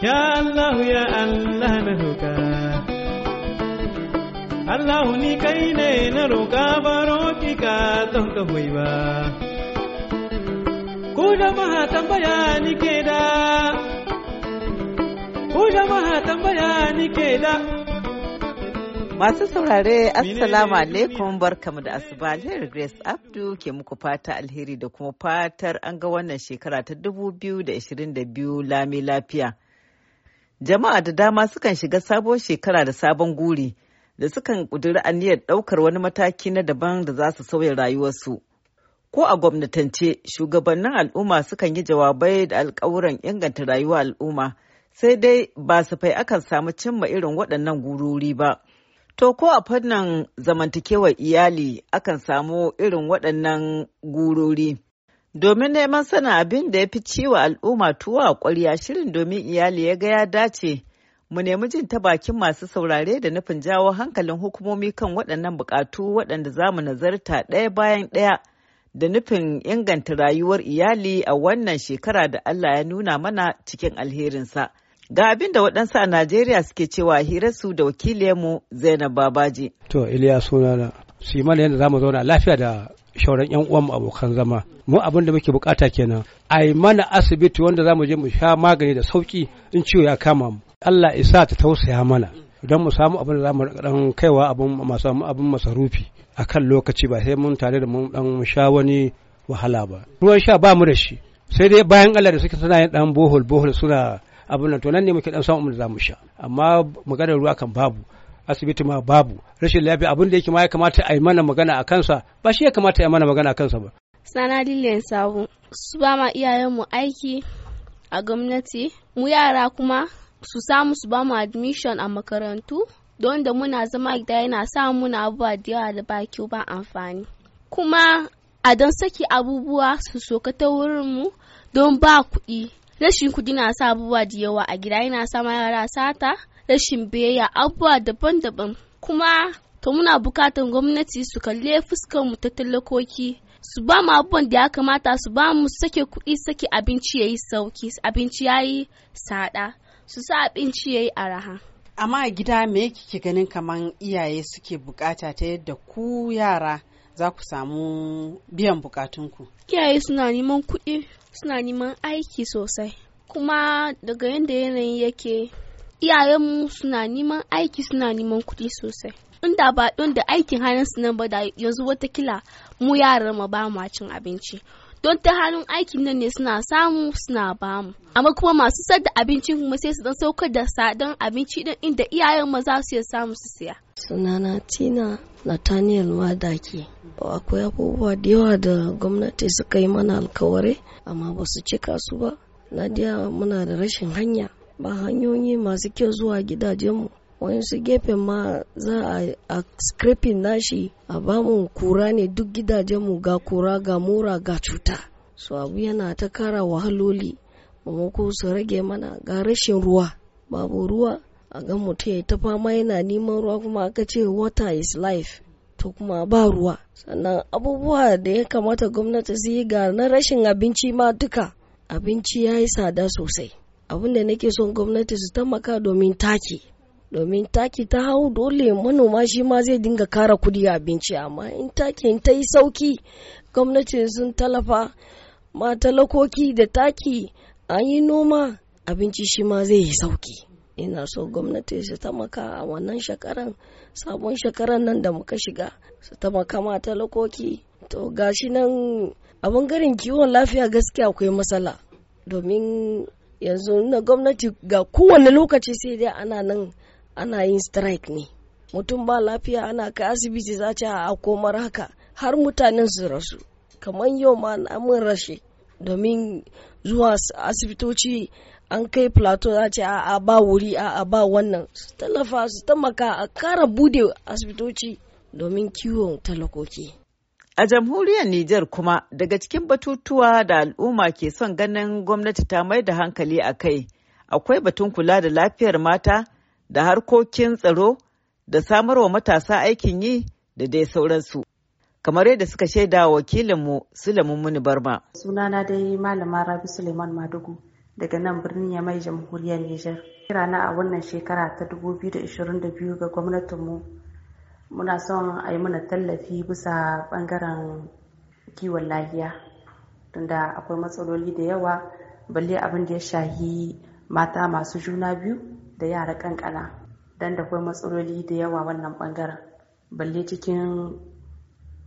Ya Allah ya Allah na roƙa Allah ni kai ne na roƙa baro ki ka don ka hoyi ba Ku jama'a tambaya ni ke da Ku jama'a tambaya ni ke da Masu saurare Assalamu alaikum barkamu da asuba alheri Grace Abdu ke muku fata alheri da kuma fatar an ga wannan shekara ta 2022 lami lafiya. Jama'a da dama sukan shiga sabon shekara da sabon guri da sukan ƙudiri aniyar ɗaukar wani mataki na daban da za su sauya rayuwarsu. Ko a gwamnatance, shugabannin al'umma sukan yi jawabai da alkawuran inganta rayuwa al'umma, sai dai ba su fai akan samu cimma irin waɗannan gurori ba. To ko a fannin zamantakewar iyali akan samu irin waɗannan gurori. Domin neman sana abin da ya fi ciwa al'umma tuwa a ƙwarya shirin domin iyali ya ga ya dace mu nemi jin ta bakin masu saurare da nufin jawo hankalin hukumomi kan waɗannan buƙatu waɗanda za mu nazarta ɗaya bayan ɗaya da nufin inganta rayuwar iyali a wannan shekara da Allah ya nuna mana cikin alherinsa. Ga abin da waɗansu a Najeriya suke cewa hirarsu da wakiliyarmu Zainab Babaji. To, Iliya sunana, su yi mana yadda za mu zauna lafiya da shauran yan uwan abokan zama mu abin da muke bukata kenan ai mana asibiti wanda za mu je mu sha magani da sauki in ciwo ya kama mu Allah isa ta tausaya mana don mu samu abin da zamu dan kaiwa abin masu abin masarufi akan lokaci ba sai mun tare da mun dan sha wani wahala ba ruwan sha ba mu da shi sai dai bayan Allah da suke suna yin dan bohol bohol suna abin nan to nan ne muke dan samu da zamu sha amma maganar ruwa kan babu asibiti ma babu rashin lafiya abin da yake ma ya kamata a yi mana magana a kansa ba shi ya kamata a yi mana magana a kansa ba sana dillen sabu su ba ma iyayenmu aiki a gwamnati mu yara kuma su samu su ba mu admission a makarantu don da muna zama gida yana sa muna abubuwa da yawa da baki kyau ba amfani kuma a don saki abubuwa su soka ta mu don ba kuɗi rashin kuɗi na sa abubuwa da yawa a gida yana sa yara sata rashin biyayya abubuwa daban-daban kuma to muna bukatar gwamnati su kalle fuskar mu ta talakoki su ba mu abubuwan da ya kamata su ba mu sake kuɗi sake abinci yayi sauki abinci yayi sada su sa abinci yayi araha amma a gida me kike ganin kamar iyaye suke bukata ta yadda ku yara za ku samu biyan bukatunku iyaye suna neman kuɗi suna neman aiki sosai kuma daga yadda yanayin yake iyayenmu suna neman aiki suna neman kuɗi sosai inda ba don da aikin su nan ba da yanzu watakila mu yaran ma ba mu cin abinci don ta hannun aikin nan ne suna samu suna bamu amma kuma masu sayar da abincin kuma sai su dan saukar da sadan abinci din inda iyayen ma za su iya samu su siya sunana tina nathaniel wadaki akwai abubuwa da yawa da gwamnati suka yi mana alkawari amma ba su cika su ba na muna da rashin hanya ba hanyoyi masu kyau zuwa gidajenmu su gefen ma za a scraping nashi a bamu kura ne duk gidajenmu ga kura ga mura ga cuta su abu yana ta kara wahaloli mamako su rage mana ga rashin ruwa babu ruwa a ga mutum ya ta fama yana neman ruwa kuma aka ce water is life to kuma ba ruwa sannan abubuwa da ya kamata gwamnati su yi ga na rashin abinci ma duka abinci ya yi tsada sosai abin da nake son gwamnati su taimaka domin taki domin taki ta hau dole manoma shi ma zai dinga kara kudi abinci amma in taki ta yi sauki gwamnati sun talafa ma talakoki da taki an yi noma abinci shi ma zai yi sauki ina so gwamnati su tamaka a wannan shekaran sabon shekaran nan da muka shiga su tamaka ma talakoki to gashi nan a bangaren kiwon lafiya gaskiya akwai matsala domin yanzu na gwamnati ga kowane lokaci sai dai ana nan ana yin strike ne mutum ba lafiya ana kai asibiti za a komar haka har mutanen su rasu kamar yau ma na mun rashe domin zuwa asibitoci an kai plateau za ce a ba wuri a ba wannan su tallafa su taimaka a kara bude asibitoci domin kiwon talakoki A jamhuriyar Nijar kuma daga cikin batutuwa da al'umma ke son ganin gwamnati ta mai da hankali a kai, akwai batun kula da lafiyar mata da harkokin tsaro da samarwa matasa aikin yi da dai sauransu. Kamar yadda suka shaida wakilinmu Sulaiman Muni Barma. Sunana dai Malama Rabi Suleiman Madugu daga nan birnin Yamai jamhuriyar Nijar. na a wannan shekara ta 2022 ga gwamnatinmu muna son a yi mana tallafi bisa bangaren kiwon lahiya tunda akwai matsaloli da yawa balle abin da ya shahi mata masu juna biyu da yara kankana don da akwai matsaloli da yawa wannan bangaren balle cikin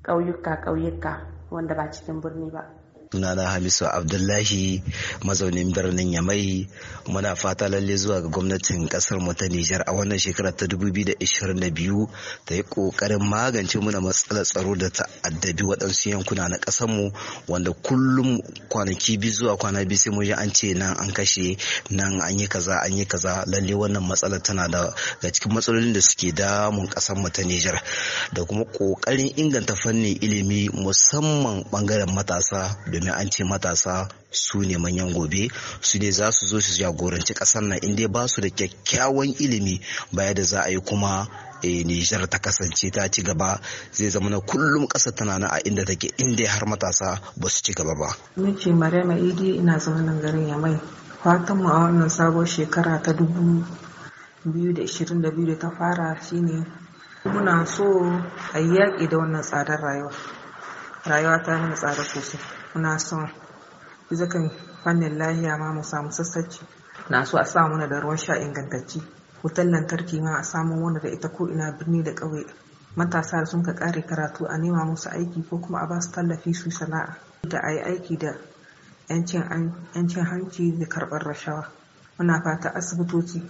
ƙauyuka ƙauyuka wanda ba cikin birni ba sunana hamisu abdullahi mazaunin birnin yamai muna fata lalle zuwa ga gwamnatin kasar mu ta nijar a wannan shekara ta 2022 ta yi kokarin magance muna matsalar tsaro da ta addabi waɗansu yankuna na ƙasar mu wanda kullum kwanaki bi zuwa kwana bi sai mun ji an ce nan an kashe nan an yi kaza an yi kaza lalle wannan matsalar tana da ga cikin matsalolin da suke damun ƙasar mu ta nijar da kuma kokarin inganta fannin ilimi musamman bangaren matasa da domin an ce matasa su ne manyan gobe su ne za su zo su jagoranci kasar nan indai ba su da kyakkyawan ilimi baya da za a yi kuma eh, Nijar ta kasance ta ci gaba zai zama na kullum kasa tana na a inda take inda har matasa ba su ci gaba ba. Nake Maryama Idi ina zaune garin Yamai. Fatan mu a wannan sabon shekara ta dubu biyu da ishirin da biyu ta fara shine muna so a yaƙi da wannan tsadar rayuwa. Rayuwa ta mana tsada sosai. muna son zakan fannin lahiya ma mu samu sassaci na so a samu na da ruwan sha ingantacci wutar lantarki ma a samu wanda da ita ko ina birni da ƙauye matasa sun ka ƙare karatu a nema musu aiki ko kuma a basu tallafi su sana'a da a yi aiki da yancin hanci da karbar rashawa muna fata asibitoci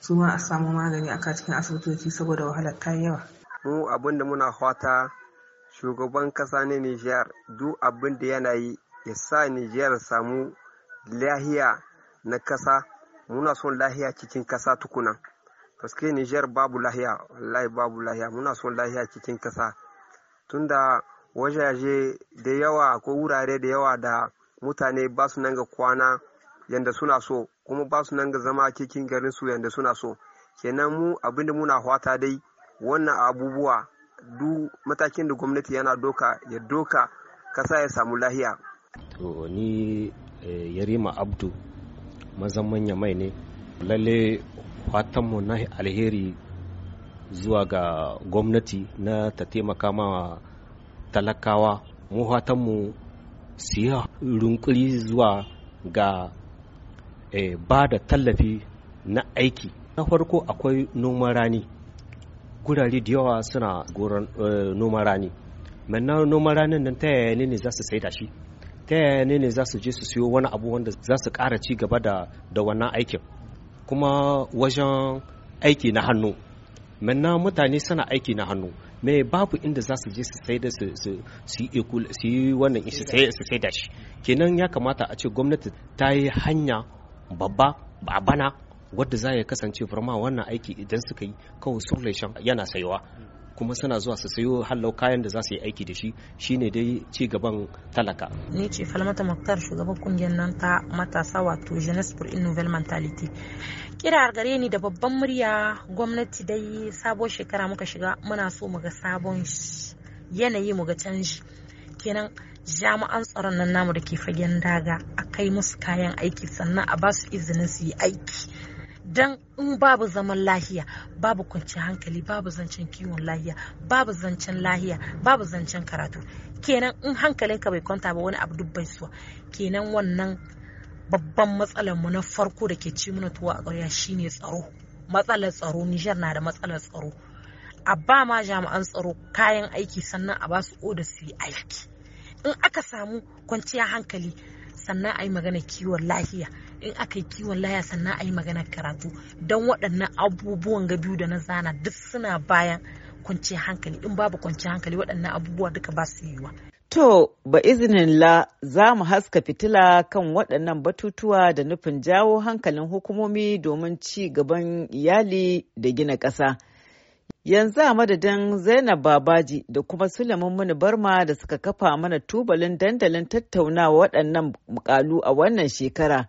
su ma a samu magani a cikin asibitoci saboda wahalar ta yawa mu abinda muna fata shugaban kasa na Nijar duk abin da yana yi ya sa Nijar samu lahiya na kasa muna son lahiya cikin kasa tukuna paske Nijar babu lahiya wallahi babu lahiya muna son lahiya cikin kasa tunda wajaje da yawa ko wurare da yawa da mutane ba su nan kwana yanda suna so kuma ba su nan zama cikin garin su yanda suna so kenan mu abinda muna hwata dai wannan abubuwa duk matakin da gwamnati yana doka ya doka kasa ya samu lahiya to ni eh, yarima abdu mazan manya mai ne lalle fatanmu na alheri zuwa ga gwamnati na ta taimaka ma talakawa mu fatanmu su yi zuwa ga eh, ba da tallafi na aiki na farko akwai noman rani gurare da yawa suna goron eh, noman rani manna noman ranin nan ta yaya ne za su saida shi ta yaya ne za su je su siyo wani abu wanda za su ƙara ci gaba da da wannan aikin kuma wajen aiki na hannu manna mutane suna aiki na hannu me babu inda za su je su sai da su yi wannan su sai da shi kenan ya kamata a ce gwamnati ta yi hanya babba ba bana wadda za ya kasance farma wannan aiki idan suka yi kawai surlation yana sayowa kuma suna zuwa su sayo hallau kayan da za su yi aiki da shi shine dai ci gaban talaka. Ni ce Falmata Muktar shugaban kungiyar nan ta matasa wato Jeunesse pour une nouvelle mentalité. Kira gare ni da babban murya gwamnati dai sabon shekara muka shiga muna so mu ga sabon yanayi mu ga canji. Kenan jami'an tsaron nan namu da ke fagen daga a kai musu kayan aiki sannan a ba su izinin su yi aiki. dan in babu zaman lahiya babu kwanci hankali babu zancen kiwon lahiya babu zancen lahiya babu zancen karatu kenan in hankalinka bai kwanta ba wani abu duk bai suwa kenan wannan babban matsalar mu na farko da ke ci mana tuwa a ƙarya shine tsaro matsalar tsaro Nijar na da matsalar tsaro a ba ma jami'an tsaro kayan aiki sannan a ba su oda su aiki in aka samu kwanciyar hankali sannan a yi magana kiwon lahiya in aka yi kiwon lahiya sannan a yi magana karatu don waɗannan abubuwan ga biyu da na zana duk suna bayan kwanciyar hankali in babu kwanciyar hankali waɗannan abubuwa duka ba su yiwuwa. To, ba izinin la za mu haska fitila kan waɗannan batutuwa da nufin jawo hankalin hukumomi domin ci gaban iyali da gina ƙasa. Yanzu a madadin Zainab Babaji da kuma Sulaiman Muni Barma da suka kafa mana tubalin dandalin tattaunawa waɗannan mukalu a wannan shekara.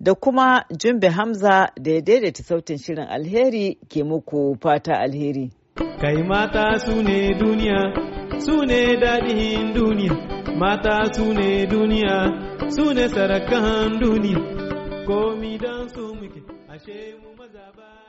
Da kuma Jumbe Hamza da ya daidaita sautin shirin alheri ke muku fata alheri. Kai mata su ne duniya, su ne daɗin duniya, mata su ne duniya, su ne sarakan duniya, komi don su muke, ashe mu maza ba.